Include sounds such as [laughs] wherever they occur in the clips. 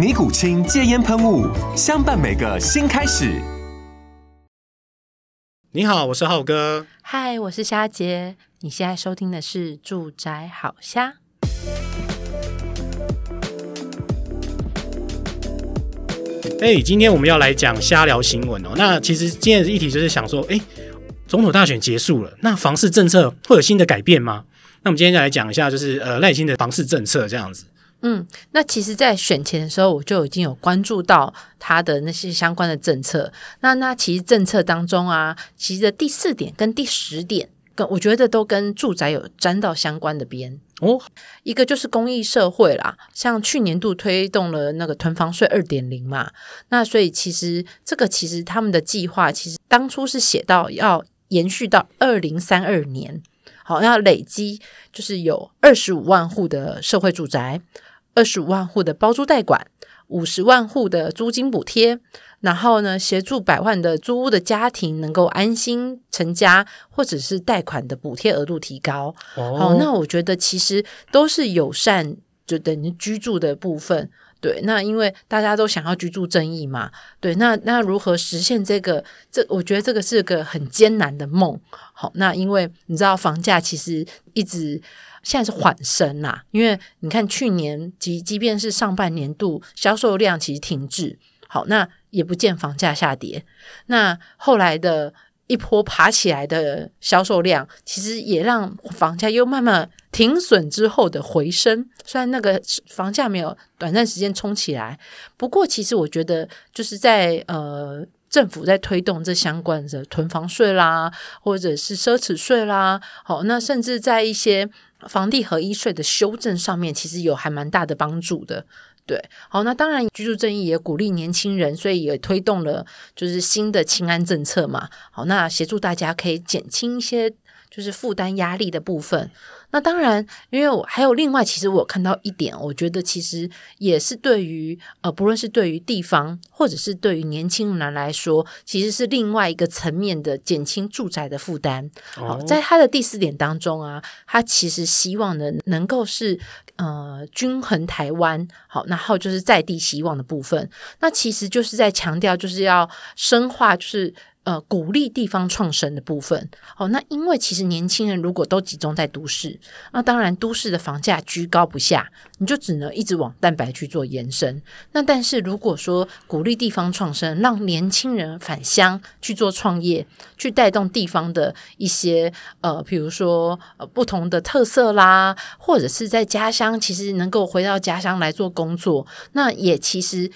尼古清戒菸噴霧，相伴每個新開始。你好，我是浩哥。嗨，我是蝦杰。你現在收聽的是《住宅好瞎》。哎，今天我們要來講瞎聊新聞哦。那其實今天的議題就是想說，哎，總統大選結束了，那房市政策會有新的改變嗎？那我們今天就來講一下，就是呃，賴清德的房市政策這樣子。嗯，那其實，在選前的時候，我就已經有關注到他的那些相關的政策。那那其實政策當中啊，其實的第四點跟第十點，跟我覺得都跟住宅有沾到相關的邊哦。一個就是公益社會啦，像去年度推動了那個囤房稅二點零嘛，那所以其實這個其實他們的計劃，其實當初是寫到要延續到二零三二年，好，要累積就是有二十五萬戶的社會住宅。二十五萬戶的包租代管，五十萬戶的租金補貼，然後呢，協助百萬的租屋的家庭能夠安心成家，或者是貸款的補貼額度提高。Oh. 哦，那我覺得其實都是友善，就等於居住的部分。對，那因為大家都想要居住正義嘛，對，那那如何實現這個？這我覺得這個是個很艱難的夢。好，那因為你知道房價其實一直現在是緩升啦、啊，因為你看去年即即便是上半年度銷售量其實停滯，好，那也不見房價下跌，那後來的。一波爬起來的銷售量，其實也讓房價又慢慢停損之後的回升。雖然那個房價沒有短暫時間衝起來，不過其實我覺得，就是在呃政府在推動這相關的囤房稅啦，或者是奢侈稅啦，好、哦，那甚至在一些房地合一稅的修正上面，其實有還蠻大的幫助的。對，好，那當然，居住正義也鼓勵年輕人，所以也推動了就是新的青安政策嘛。好，那協助大家可以減輕一些。就是負擔壓力的部分，那當然，因為我還有另外，其實我有看到一點，我覺得其實也是對於呃，不論是對於地方，或者是對於年輕人來說，其實是另外一個層面的減輕住宅的負擔。Oh. 好，在他的第四點當中啊，他其實希望的能夠是呃均衡台灣，好，然後就是在地希望的部分，那其實就是在強調就是要深化就是。呃，鼓勵地方創生的部分，好，哦，那因為其實年輕人如果都集中在都市，那當然都市的房價居高不下，你就只能一直往蛋白去做延伸。那但是如果說鼓勵地方創生，讓年輕人返鄉去做創業，去帶動地方的一些呃，比如說，呃，不同的特色啦，或者是在家鄉其實能夠回到家鄉來做工作，那也其實。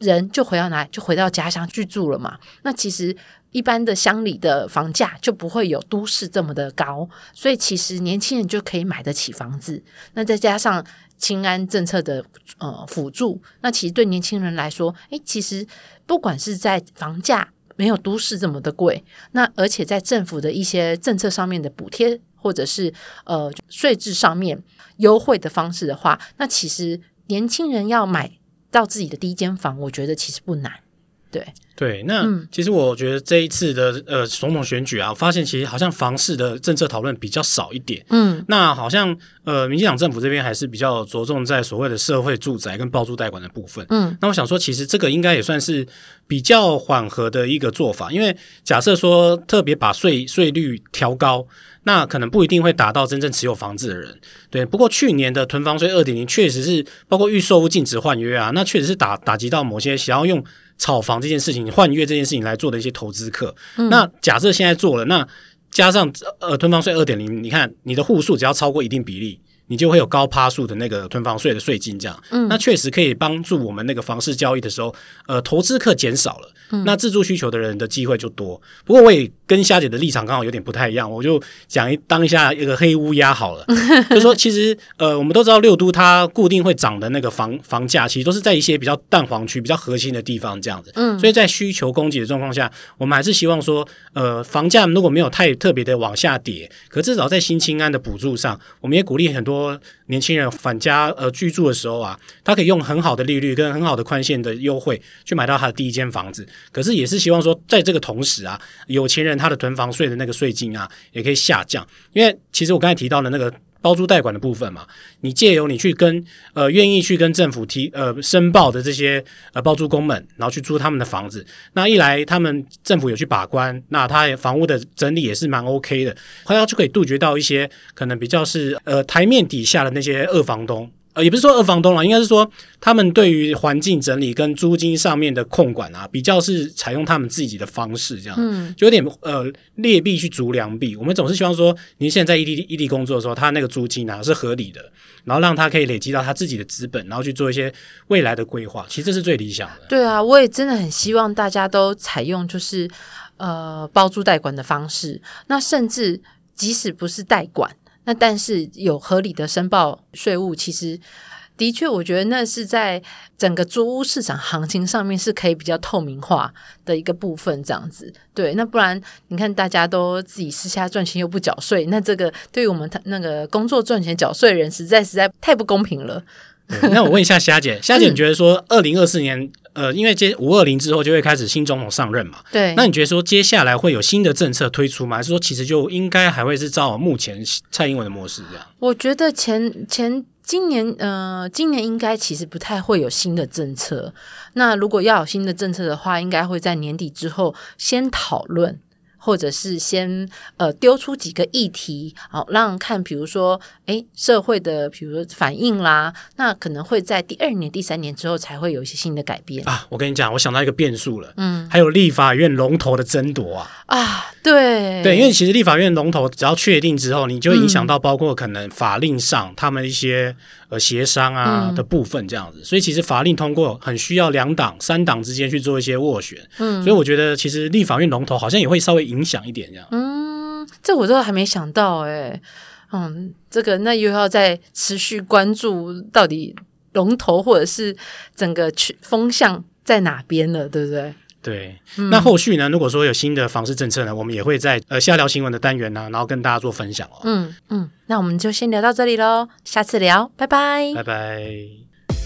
人就回到哪，就回到家鄉居住了嘛？那其實一般的鄉里的房價就不會有都市這麼的高，所以其實年輕人就可以買得起房子。那再加上青安政策的呃輔助，那其實對年輕人來說，哎，其實不管是在房價沒有都市這麼的貴，那而且在政府的一些政策上面的補貼，或者是呃稅制上面優惠的方式的話，那其實年輕人要買。到自己的第一間房，我覺得其實不難。對對，那、嗯、其實我覺得這一次的呃總統選，選舉啊，我發現其實好像房市的政策討論比較少一點。嗯，那好像呃民進黨政府這邊還是比較着重在所謂的社會住宅跟包租代管的部分。嗯，那我想說，其實這個應該也算是比較緩和的一個做法，因為假設說特別把稅稅率調高，那可能不一定會達到真正持有房子的人。對，不過去年的囤房稅二點零確實是包括預售屋禁止換約啊，那確實是打打擊到某些想要用。炒房這件事情，換月這件事情來做的一些投資客，嗯、那假設現在做了，那加上呃，囤房稅二點零，你看你的戶數只要超過一定比例。你就會有高趴數的那個囤房稅的稅金這樣，嗯、那確實可以幫助我們那個房市交易的時候，呃，投資客減少了，嗯、那自住需求的人的機會就多。不過我也跟夏姐的立場剛好有點不太一樣，我就講一，當一下一個黑烏鴉好了， [laughs] 就說其實呃，我們都知道六都它固定會漲的那個房房價，其實都是在一些比較蛋黃區、比較核心的地方這樣子，嗯，所以在需求供給的狀況下，我們還是希望說，呃，房價如果沒有太特別的往下跌，可至少在新青安的補助上，我們也鼓勵很多。說年輕人返家呃居住的時候啊，他可以用很好的利率跟很好的寬限的優惠去買到他的第一間房子，可是也是希望說，在這個同時啊，有錢人他的囤房稅的那個稅金啊，也可以下降，因為其實我剛才提到的那個。包租代管的部分嘛，你借由你去跟呃願意去跟政府提呃申報的這些呃包租公們，然後去租他們的房子，那一來他們政府有去把關，那他也房屋的整理也是蠻 OK 的，好像就可以杜絕到一些可能比較是呃台面底下的那些二房東。呃，也不是說二房東啦，應該是說他們對於環境整理跟租金上面的控管啊，比較是採用他們自己的方式，這樣，嗯，就有點呃劣幣去逐良幣。我們總是希望說，您現在在異地異地工作的時候，他那個租金啊是合理的，然後讓他可以累積到他自己的資本，然後去做一些未來的規劃。其實這是最理想的。對啊，我也真的很希望大家都採用就是呃包租代管的方式，那甚至即使不是代管。那但是有合理的申報稅務，其實的確，我覺得那是在整個租屋市場行情上面是可以比較透明化的一個部分，這樣子。對，那不然你看，大家都自己私下賺錢又不繳稅，那這個對於我們他那個工作賺錢繳稅的人，實在實在太不公平了。那我問一下夏姐，夏姐，你覺得說二零二四年，是呃，因為接五二零之後就會開始新總統上任嘛？對。那你覺得說接下來會有新的政策推出嗎？還是說其實就應該還會是照目前蔡英文的模式這樣？我覺得前前今年，呃，今年應該其實不太會有新的政策。那如果要有新的政策的話，應該會在年底之後先討論。或者是先呃丟出幾個議題，好讓看，比如說哎社會的比如說反應啦，那可能會在第二年、第三年之後才會有一些新的改變啊。我跟你講，我想到一個變數了，嗯，還有立法院龍頭的爭奪啊啊，對對，因為其實立法院龍頭只要確定之後，你就會影響到包括可能法令上、嗯、他們一些呃協商啊的部分這樣子，嗯、所以其實法令通過很需要兩黨、三黨之間去做一些斡旋，嗯，所以我覺得其實立法院龍頭好像也會稍微。影響一點這樣，嗯，這我都還沒想到哎、欸，嗯，這個那又要再持續關注到底龍頭或者是整個去風向在哪邊了，對不對？對，嗯、那後續呢？如果說有新的房市政策呢，我們也會在呃下聊新聞的單元呢、啊，然後跟大家做分享哦。嗯嗯，那我們就先聊到這裡嘍，下次聊，拜拜，拜拜。